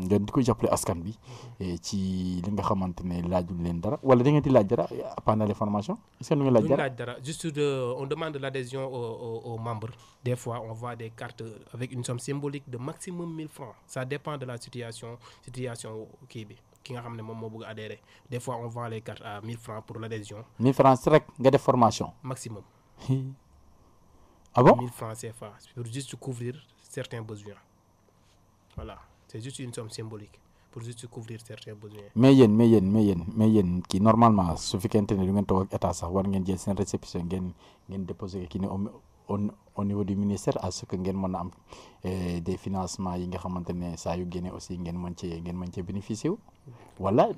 ngeen di ko jàppale askan bi mm-hmm. eh, ci li nga xamante ne laajul dara wala di dara pendant les formations est ce que dara laaj juste on demande l'adhésion aux membres des fois on voit des cartes avec une somme symbolique de maximum 1000 francs ça dépend de la situation situation kii bi ki nga bëgg adhérer des fois on vend les cartes à 1000 francs pour l'adhésion. adhésion 1000 francs rek nga def formation maximum 1000 ah francs pour juste couvrir certains besoins. Voilà, c'est juste une somme symbolique pour juste couvrir certains besoins. mais vous, mais mais mais normalement ne état war au niveau du ministère à ce que vous eh, des financements yi aussi vous bénéficier vous wala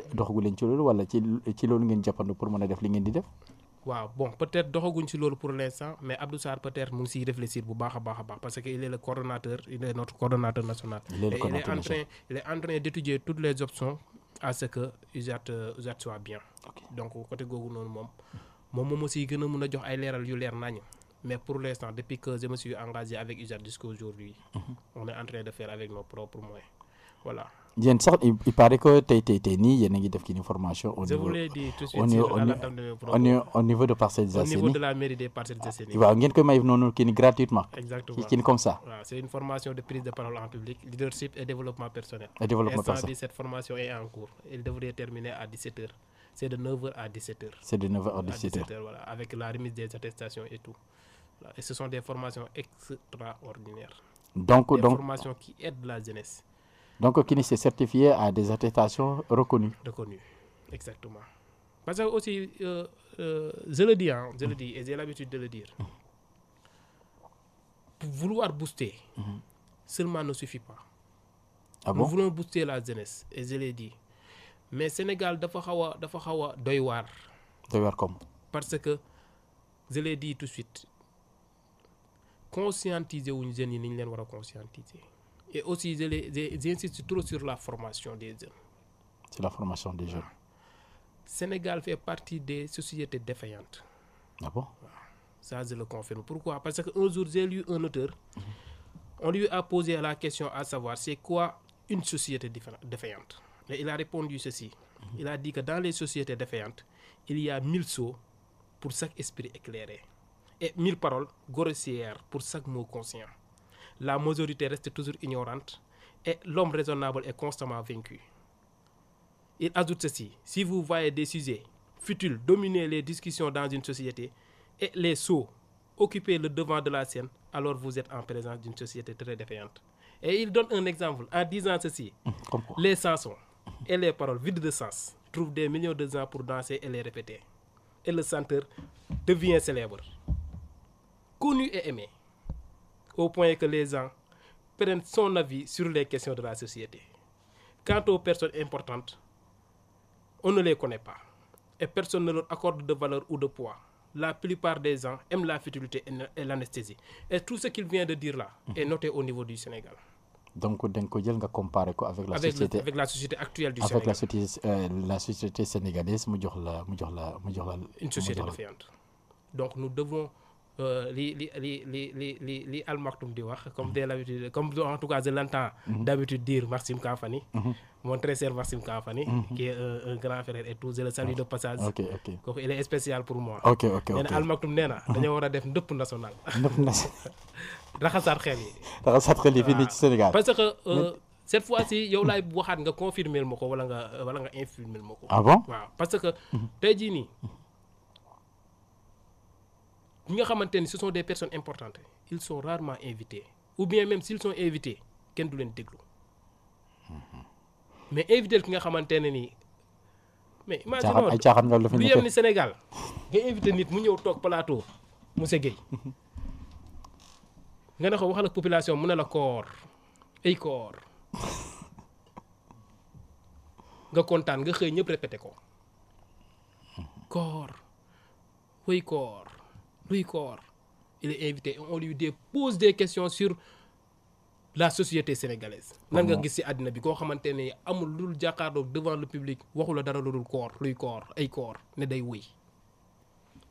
waaw bon peut-être doxaguñ ci loolu pour l'instant mais Abdou Sarr peut-être mu si réfléchir bu baax a baax parce que il est le coordonnateur il est notre coordonnateur national. il est il est en train il est en train d'étudier toutes les options à ce que UJAT euh, soit bien. donc côté googu noonu moom moom moom aussi gën a mun a jox ay yu mais pour l'instant depuis que je me suis engagé avec jusqu'à aujourd'hui, mhm. on est en train de faire avec nos propres moyens voilà il paraît que tu es, tey il y a une formation. au niveau au niveau de la mairie des Parcelles de la ngeen koy may a gratuitement. exactement une formation de prise de parole en public leadership et développement personnel. et développement personnel cette formation est en cours elle devrait terminer à 17h. c'est de 9h à 17h. C'est de 9h à 17h. voilà, avec la remise des attestations et tout. Et ce sont des formations extraordinaires. Donc, des formations qui aident la jeunesse. Donc, qui s'est certifié à des attestations reconnues. Reconnues, exactement. Parce que aussi, euh, euh, je le dis, hein, je le dis, et j'ai l'habitude de le dire. vouloir booster, seulement ne suffit pas. Ah Nous voulons booster la jeunesse, et je l'ai dit. Mais Sénégal, il faut dafa xawa doy comme. Parce que je l'ai dit tout de suite. Conscientiser ou jeunes yi ni conscientiser et aussi j'insiste trop sur la formation des jeunes. C'est la formation des jeunes. Sénégal fait partie des sociétés défaillantes. D'accord. Ça, je le confirme. Pourquoi Parce qu'un jour, j'ai lu un auteur. Mm-hmm. On lui a posé la question à savoir c'est quoi une société défaillante. Et il a répondu ceci. Mm-hmm. Il a dit que dans les sociétés défaillantes, il y a mille sauts pour chaque esprit éclairé et mille paroles grossières pour chaque mot conscient la majorité reste toujours ignorante et l'homme raisonnable est constamment vaincu. Il ajoute ceci, si vous voyez des sujets futiles dominer les discussions dans une société et les sots occuper le devant de la scène, alors vous êtes en présence d'une société très défaillante. Et il donne un exemple en disant ceci, mmh, les chansons et les paroles vides de sens trouvent des millions de gens pour danser et les répéter. Et le centre devient célèbre, connu et aimé au point que les gens prennent son avis sur les questions de la société. Quant aux personnes importantes, on ne les connaît pas et personne ne leur accorde de valeur ou de poids. La plupart des gens aiment la futilité et l'anesthésie. Et tout ce qu'il vient de dire là mhm. est noté au niveau du Sénégal. donc vous peut avec la société actuelle du Sénégal avec euh, la société sénégalaise une société défaillante donc nous devons euh, li li li li li li Al Maktoum di wax comme de l'habitude comme en tout cas je l'entends mhm. d'habitude dire Maxime Kafani mhm. mon très cher Maxime Kafani mhm. qui est un grand frère et tout je le salue de passage kooku il est spécial pour moi nee na Al Maktoum nee na dañoo war a def ndëpp national ndëpp national raxasaat xel yi raxasat xel yi fii nii ci Sénégal parce que euh, cette fois-ci yow lay waxat nga confirmer ma wala nga wala nga infirmer ma ah bon waaw parce que tey jii nii nga ce sont des personnes importantes ils sont rarement invités ou bien même s'ils sont invités kenn du leen déglu mm-hmm. mais invité ki nga xamante ni. mais imaginez ay caaxaan nga lu fi yem ni Sénégal nga invité nit mu ñëw toog plateau monsieur Gay. nga ne ko waxal ak population mu ne la Cor, ay koor nga kontaan nga xëy ñëpp répété ko mm-hmm. koor way koor Louis Cor. Il est invité. On lui pose des questions sur la société sénégalaise. nan nga gis ci àddina bi koo xamante amul lu jàkkaarloo devant le public waxu la dara lu dul koor luy koor ay koor ne day wéy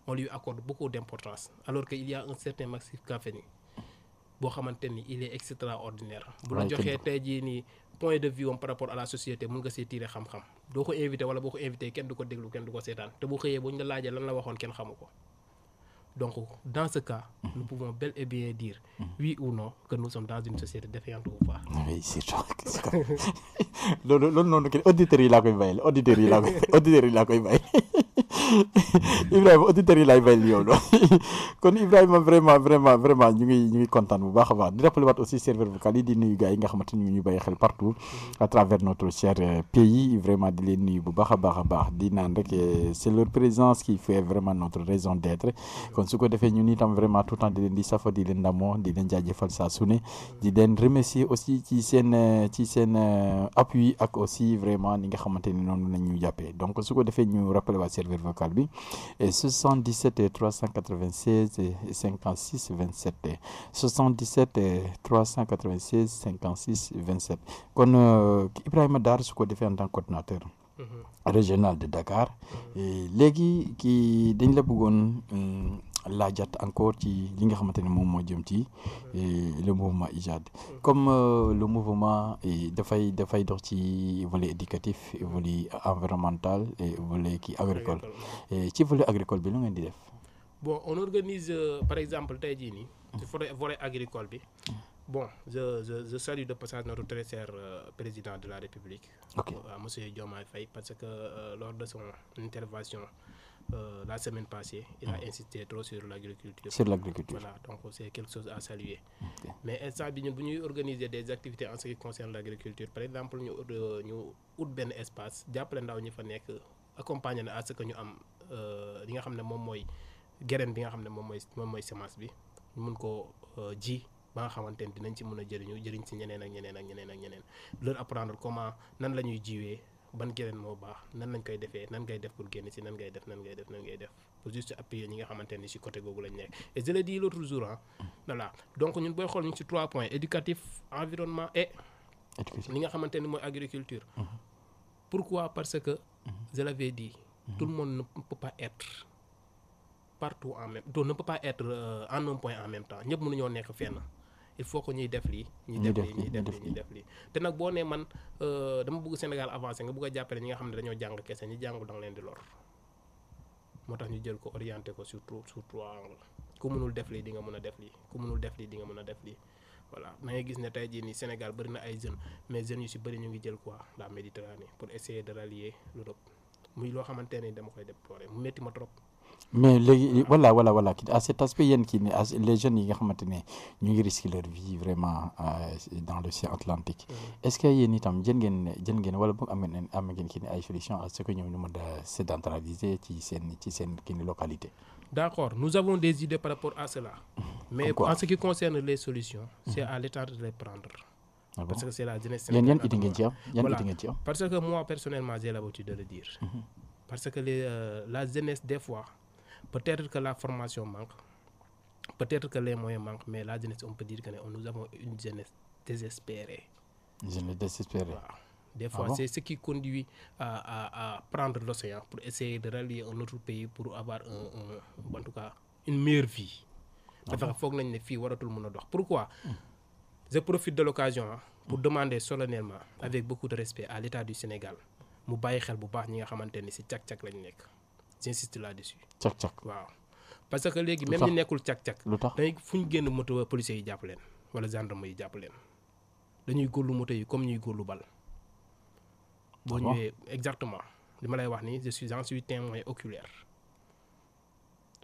on lui accorde beaucoup d'importance. alors que il y a un certain Maxime Kafeni boo xamante ni il est extraordinaire. bu la joxee tey jii point de vue am par rapport à la société mun nga see tiire xam-xam. doo ko invité wala boo invité kenn du ko déglu kenn du ko seetaan te bu xëyee buñ la laajee lan la waxoon kenn xamu donc, dans ce cas, mhm. nous pouvons bel et bien dire, mhm. oui ou non, que nous sommes dans une société défaillante ou pas. Oui, c'est ça. L'auditeur, il a quoi Ibrahima auditeurs yi laay bàyyi yow kon Ibrahima vraiment vraiment vraiment ñu ngi ñu ngi content bu baax a baax di rappelé waat aussi serveur vocal yi di nuyu gars yi nga xamante ñu ñu ngi xel partout à travers notre cher euh, pays vraiment di leen nuyu bu baax a baax a baax di naan rek euh, c' est leur présence qui fait vraiment notre raison d' être kon su ko defee ñun itam vraiment tout temps di leen di safa di leen ndamoo di leen jaajëfal saa su ne di leen remercier aussi ci seen euh, ci seen appui ak aussi vraiment ni nga xamante ni noonu la ñu jàppee donc su ko defee ñu rappelé waat serveur vocal et 77 396 56 27 77 396 56 27 Ibrahim Ibrahima Dar su ko coordinateur. Mhm. régional de Dakar. les qui qui laajaat encore ci li nga xamante ne moom jëm ci le mouvement IJAD comme euh, le mouvement dafay dafay dox ci volet éducatif volet environnemental et volet kii agricole ci volet agricole bi lu ngeen di def. bon on organise euh, par exemple tey jii nii. ci volet agricole bi. bon je je je salue de passage notre très cher euh, président de la République. ok monsieur Diomaye Faye parce que lors de son intervention euh, la semaine passée, il mmh. a mm. insisté trop sur l'agriculture. Sur l'agriculture. Voilà, donc c'est quelque chose à saluer. Okay. Mais instant, nous organiser des activités en ce qui concerne l'agriculture. Par exemple, nous avons un espace, nous avons accompagné à ce que nous avons euh, li nga xam ne moom mooy bi nga xam ne moom mooy moom semence bi ñu mun koo euh, ji ba nga xamante ne dinañ ci mën a jëriñu jëriñ ci ñeneen ak ñeneen ak ñeneen ak ñeneen leur apprendre comment nan la ñuy jiwee ban graine moo baax nan lañ koy defee nan ngay def pour génn si nan ngay def nan ngay def nan ngay def pour juste appuyer ñi nga xamante ne si côté googu lañ nekk et je l'ai dit l'autre jour ah. voilà donc ñun booy xool ñu si trois points éducatif environnement et. li nga xamante ne mooy agriculture. Mhm. pourquoi parce que. Mhm. je l'avais dit. Mhm. tout le monde ne peut pas être partout en même donc ne peut pas être euh, en un point en même temps ñëpp mënuñoo nekk fenn. il faut que ñuy def lii ñuy def lii ñuy def lii ñuy def lii te nag boo nee man euh, dama bëgg Sénégal avancé nga bëgg a jàppale ñi nga xam ne dañoo jàng kese ñi jàngul da leen di lor moo ñu jël ko orienté ko sur trois sur trois angles ku mënul def lii di nga mën a def lii ku mënul def lii di nga mën def lii voilà da ngay gis ne tey jii nii Sénégal bëri na ay jeunes mais jeunes yu si bëri ñu ngi jël quoi la Méditerranée pour essayer de rallier l'Europe muy loo xamante ne dama koy déplorer mu métti ma trop mais voilà voilà voilà à cet aspect les jeunes yi ont été leur vie vraiment euh, dans l'océan Atlantique mm. est ce qu'il y a des tam jeune wala voilà solution à ce que nous ñu de a sédentaliser ci localité D'accord, nous avons des idées par rapport à cela. Mais en ce qui concerne les solutions, c'est mm-hmm. à l'État de les prendre. Ah Parce que c'est la jeunesse. Parce que moi, personnellement, j'ai l'habitude de le dire. Mm-hmm. Parce que euh, la jeunesse, des fois, Peut-être que la formation manque, peut-être que les moyens manquent, mais la jeunesse, on peut dire que nous avons une jeunesse désespérée. Une jeunesse désespérée. Des ah fois, c'est ce qui conduit à, à, à prendre l'océan pour essayer de rallier un autre pays pour avoir un, en tout cas, une meilleure vie. le ah monde Pourquoi Je profite de l'occasion hein, pour mm. demander solennellement, avec beaucoup de respect, à l'État du Sénégal, bu baax ñi nga j'insiste là-dessus. càq càq waaw parce que léegi même ñu nekkul càq càq. lu tax dañuy fu ñu génn moto policiers yi jàpp leen wala gendarme yi jàpp leen dañuy góorlu moto yi comme ñuy góorlu bal. boo ah ñëwee exactement li ma lay wax ni je suis en suis témoin oculaire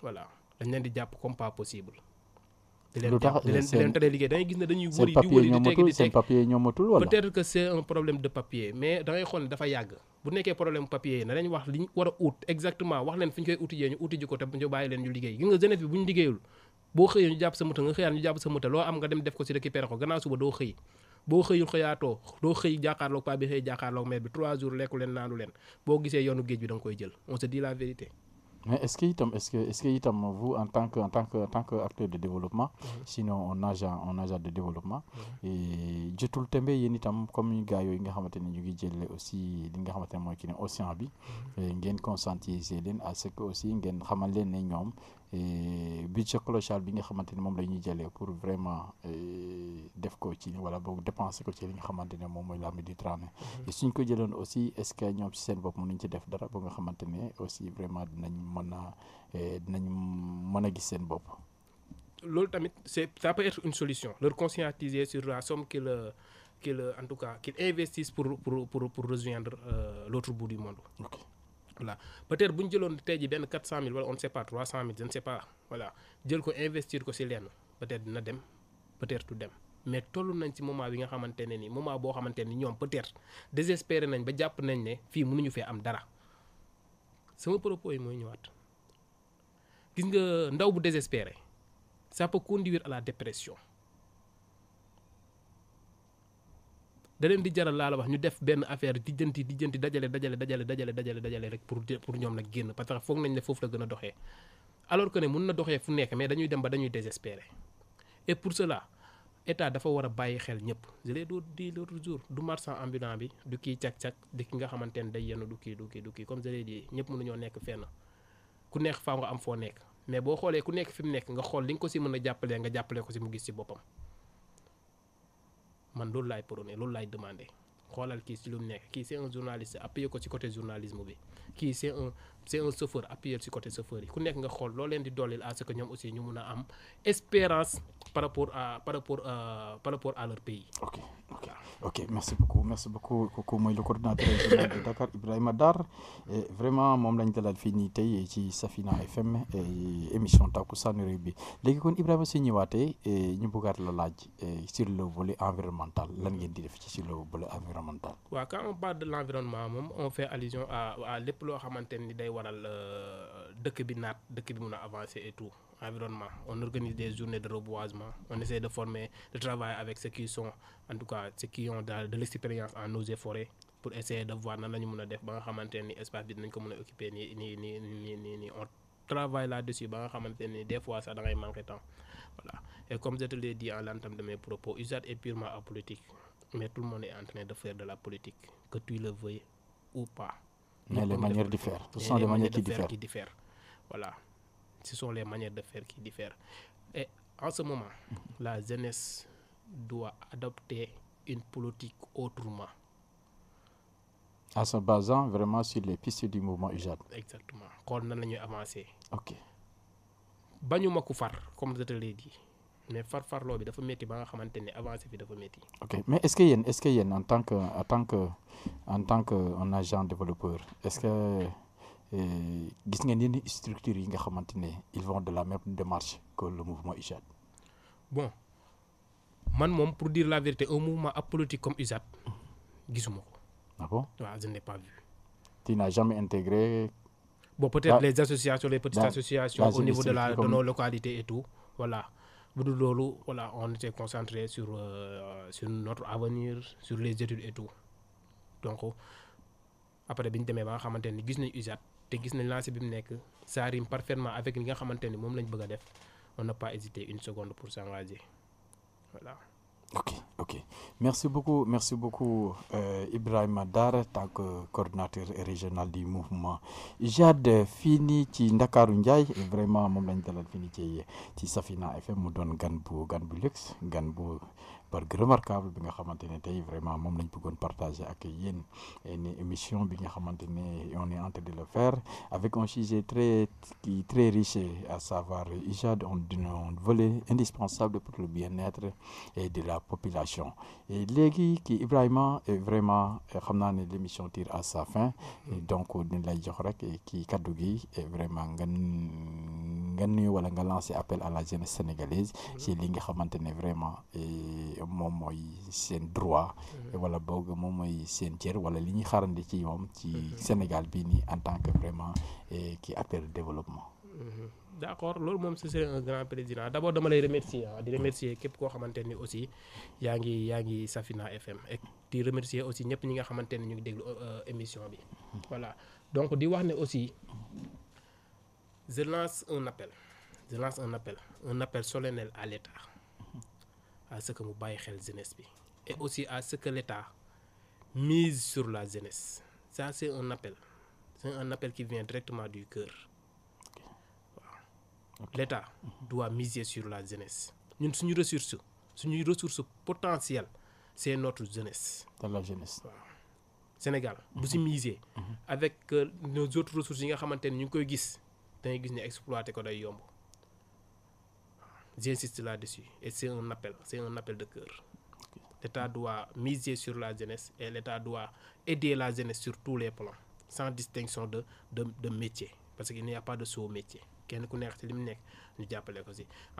voilà dañ leen di jàpp comme pas possible. lu tax di leen di leen tere liggéey da ngay gis ne dañuy wëri di wëri di teggi di teggi papier ñoo wala peut-être que c'est un problème de papier mais da ngay xool dafa yàgg. bu nekkee problème papier yi na leen wax li ñu war a ut exactement wax leen fi ñu koy utijee ñu utiji ko te ñu bàyyi leen ñu liggéey gi nga jeunesse bu ñu liggéeyul boo xëyee ñu jàpp sa mëta nga xëyaat ñu jàpp sa mëta loo am nga dem def ko si récupéré ko gannaaw suba doo xëy boo xëyul xëyaatoo doo xëy jàkkaarloog paa bi xëy jàkkaarloog maire bi trois jours lekku leen naanu leen boo gisee yoonu géej bi da nga koy jël on se dit la vérité mais est-ce que est vous en tant que en tant que en tant que acteur de développement sinon on agent on agent de développement et tout tout yéen comme gars yooyu nga xamante ñu ngi aussi li nga aussi océan bi ngeen conscientiser à ce que aussi xamal budget colossal bi nga xamantene mom lañuy jëlé pour vraiment euh, def ko ci wala boog dépenser ko ci li nga xamante ne moom mooy la Méditerranée mhm. et suñ ko jëlone aussi est-ce que ñom ci seen bop mën nañ ci def dara ba nga xamante aussi vraiment dinañ mëna a euh, dinañ mëna gis seen bop loolu tamit c'est ça peut être une solution leur conscientiser sur la somme qu'ils qu'ils en tout cas qu'il investisse pour pour pour pour rejoindre euh, l'autre bout du monde okay voilà peut-être bu ñu jëloon tey ji benn 400000 wala on ne sait pas 300000 je ne sais pas voilà jël ko investir ko ci lenn peut-être dina dem peut-être du dem mais toll nañ ci moment bi nga xamante ni moment bo xamante ñom peut-être désespéré nañ ba japp nañ ne fi mënuñu fi am dara sama propos yi mooy ñëwaat gis nga ndaw bu désespéré ça peut conduire à la dépression. daleen di jaral laala la wax ñu def benn affaire dijjanti dijjanti dajale dajale dajale dajale dajale dajale rek pour pour ñoom nag génn parce que foog nañ ne foofu la gën a doxee alors que ne mun na doxee fu nekk mais dañuy dem ba dañuy désespéré et pour cela état dafa war a bàyyi xel ñëpp je l'ai dit l'autre jour du marchand ambulant bi du kii cag-cag di ki nga xamante ne day yenn du kii du kii du kii comme je l'ai dit ñëpp nañoo nekk fenn ku nekk faaw nga am foo nekk mais boo xoolee ku nekk fi mu nekk nga xool li ko si mën a jàppalee nga jàppalee ko si mu gis si boppam man loolu laay prôné loolu laay demandé xoolal kii si lu nekk kii c'est un journaliste appuyé ko ci côté journalisme bi kii c'est un c'est un chauffeur appuyer sur côté chauffeur yi ku nekk nga xool loo leen di dooleel à ce que ñoom aussi ñu mun a am espérance par rapport à par rapport euh, par rapport à leur pays. ok ok ok merci beaucoup merci beaucoup kooku mooy le coordinateur régional de Dakar Ibrahima Dar et vraiment moom lañ dalal fii nii tey ci Safina FM et émission Takkusaanu Réew bi léegi kon Ibrahima su ñëwaatee ñu bëggaat la laaj sur le volet environnemental lan ngeen di def ci sur le volet environnemental. waaw quand on parle de l'environnement moom on fait allusion à à lépp loo xamante ni day waral euh, dëkk bi naat dëkk bi avancer et tout environnement on organise des journées de reboisement on essaie de former de travailler avec ceux qui sont en tout cas ceux qui ont de l'expérience en nos forêts pour essayer de voir nan la a def ba nga xamante on travaille là-dessus ba nga des fois ça da ngay manquer temps voilà et comme je te l'ai dit en l'entame de mes propos usage est purement apolitique mais tout le monde est en train de faire de la politique que tu le veuilles ou pas mais les manières de faire. Ce sont les, manières, de faire qui diffèrent. Voilà. Ce sont les manières de faire qui diffèrent. Et en ce moment, mhm. la jeunesse doit adopter une politique autrement. En se basant vraiment sur les pistes du mouvement IJAD. Exactement. on a avancé. Ok. Banyuma faire, comme vous te dit mais faire bi dafa metti ba nga xamante ne avancé bi dafa metti ok mais est-ce que yéen est-ce que yéen en tant que en tant que en tant que un agent développeur est-ce que eh, gis ngeen yenn structures yi nga xamante ils vont de la même démarche que le mouvement IJAD bon man mom pour dire la vérité un mouvement apolitique comme UJAD gisuma ko. ah bon D'accord. je n'ai pas vu. tu n'as jamais intégré. bon peut-être les associations les petites associations. au niveau de la de nos localités et tout voilà voilà on était concentré sur euh, sur notre avenir sur les études et tout donc après bi ñu demee ba que xamante ni gis nañ UJAT te gis nañ lancé bi ça rime parfaitement avec li nga xamante ni lañ def on n'a pas hésité une seconde pour s'engager voilà. ok Merci beaucoup, merci beaucoup euh, Ibrahim Dar, tant que coordinateur régional du mouvement. Jade fini ci Dakar, vraiment moom lañ dalal fini ci Safina FM mu donne Ganbu, Ganbu, luxe par remarquable bi nga xamantene tay vraiment mom lañ bëggone partager ak yeen une émission bi nga xamantene on est en train de le faire avec un sujet très très riche à savoir l'IJAD d'un volet indispensable pour le bien-être et de la population et légui kii Ibrahima vraiment xamna né l'émission tire à sa fin et donc dina lay jox rek ki kaddu gi vraiment nga nga nuyu wala nga lancer appel à la jeunesse sénégalaise c'est li nga xamantene vraiment et moom mooy droit wala mm-hmm. boog moom mooy seen cër wala li ñuy ci ñoom ci mm-hmm. Sénégal bi ni en tant que vraiment kii eh, acteur de développement mm-hmm. d'accord lolu mom c'est un grand président d'abord dama lay remercier ah, di remercier képp ko xamanteni aussi yaangi yaangi Safina FM et di remercier aussi ñëpp ñi nga xamanteni ñu ngi déglu euh, euh, émission bi voilà donc di wax né aussi je lance un appel je lance un appel un appel solennel à l'état à ce que nous bàyyi la jeunesse et aussi à ce que l'État mise sur la jeunesse ça c'est un appel c'est un appel qui vient directement du cœur l'État doit miser sur la jeunesse nous suñu ressource ressource potentielle c'est notre jeunesse dans la jeunesse Sénégal vous si mhm. miser mhm. avec euh, nos autres ressources nous avons xamante nous ñu koy gis dangay J'insiste là-dessus. Et c'est un appel, c'est un appel de cœur. L'État doit miser sur la jeunesse et l'État doit aider la jeunesse sur tous les plans, sans distinction de, de, métier, parce qu'il n'y a pas de sous-métier. En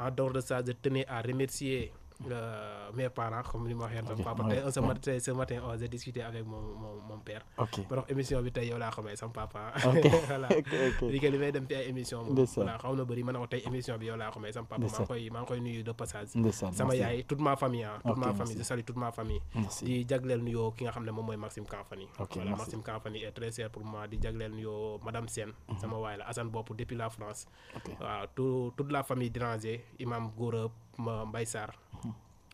dehors de ça, je tenais à remercier euh, mes parents, comme je okay. okay. papa. Ce, matin, ce matin, oh, j'ai discuté avec mon, mon, mon père. Okay. émission, je suis là, comme suis papa. voilà. Je suis là, je suis émission. Voilà, je suis là, je suis émission, je suis là, papa suis papa. Je suis nuyu de passage. Sama yaay, toute ma famille, hein, toute ma famille, je salue toute ma famille. Di jaglel nuyo ki nga xamne mom moy Maxime Kanfani. Voilà, Maxime Kafani est très cher pour moi. Di jaglel nuyo madame Sen, mhm. sama waay la Assane Bop depuis la France. Voilà, toute la famille Dranger, Imam Goureup, ma Mbaye sar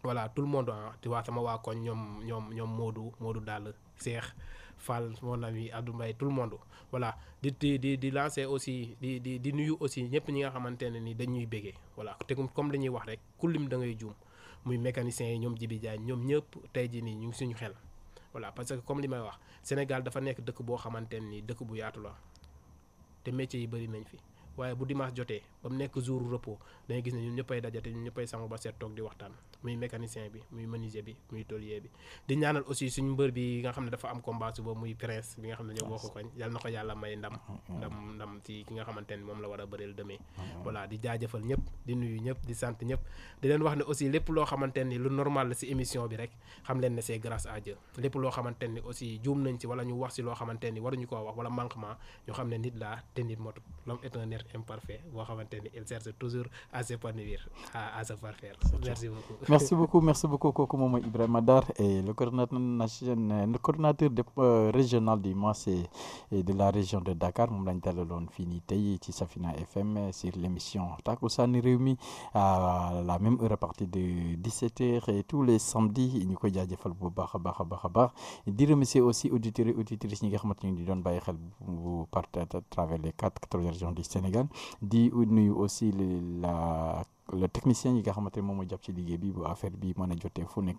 voilà tout le monde ah tu vois sama wa koñ ñom ñom ñom Modou Modou dal Cheikh Fall mon ami Abdou Mbaye tout le monde voilà di di di lancer aussi di di di nuyu aussi ñepp ñi nga xamantene ni dañuy béggee voilà te comme dañuy wax rek kulim da ngay joom muy mécanicien ñom ñoom Jibi Diagne ñoom ñëpp tey ñu suñu xel voilà parce que comme li may wax Sénégal dafa nekk dëkk bo xamantene ni dëkk bu yaatu la te métier yi bari nañ fi. waaye bu dimanche jotee ba mu nekk jour repos dañuy gis ne ñun ñëppay dajate ñun ñëppay sangu ba seet toog di waxtaan muy mécanicien bi muy menuisier bi muy tôlier bi di ñaanal aussi suñu mbër bi nga xam ne dafa am combat suba muy prince bi nga xam ne ñoo bokk ko yàlla mm-hmm. ki nga xamante ne moom la war a bëreel demee mm-hmm. voilà di jaajafal ñëpp di nuyu ñëpp di sant ñëpp di leen wax ne aussi lépp loo xamante ni lu normal la émission bi rek xam leen ne c'est grâce à Dieu lépp loo xamante ni aussi juum nañ si wala ñu wax si loo xamante ni waruñu koo wax wala manquement ñu xam ne nit laa te nit imparfait il toujours à s'épanouir à à merci beaucoup merci beaucoup merci beaucoup Dar et le coordonnateur euh, régional du mois et de la région de Dakar moom lañ FM sur à la même heure à partir de 17h tous les samedis ñu bu aussi auditeurs et auditrices nga di à travers les quatre régions du Sénégal. Sénégal nous nuyu aussi la le technicien qui a xamante mon moom moo jàpp ci liggéey bi bu affaire bi a jotee fu ne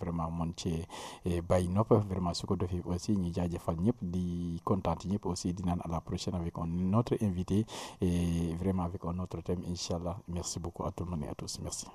vraiment ce que eh, bàyyi vraiment ce ko aussi ñi jaajëfal ñëpp di aussi di à la prochaine avec un autre invité et vraiment avec un autre thème inshallah merci beaucoup à tout le monde et à tous merci.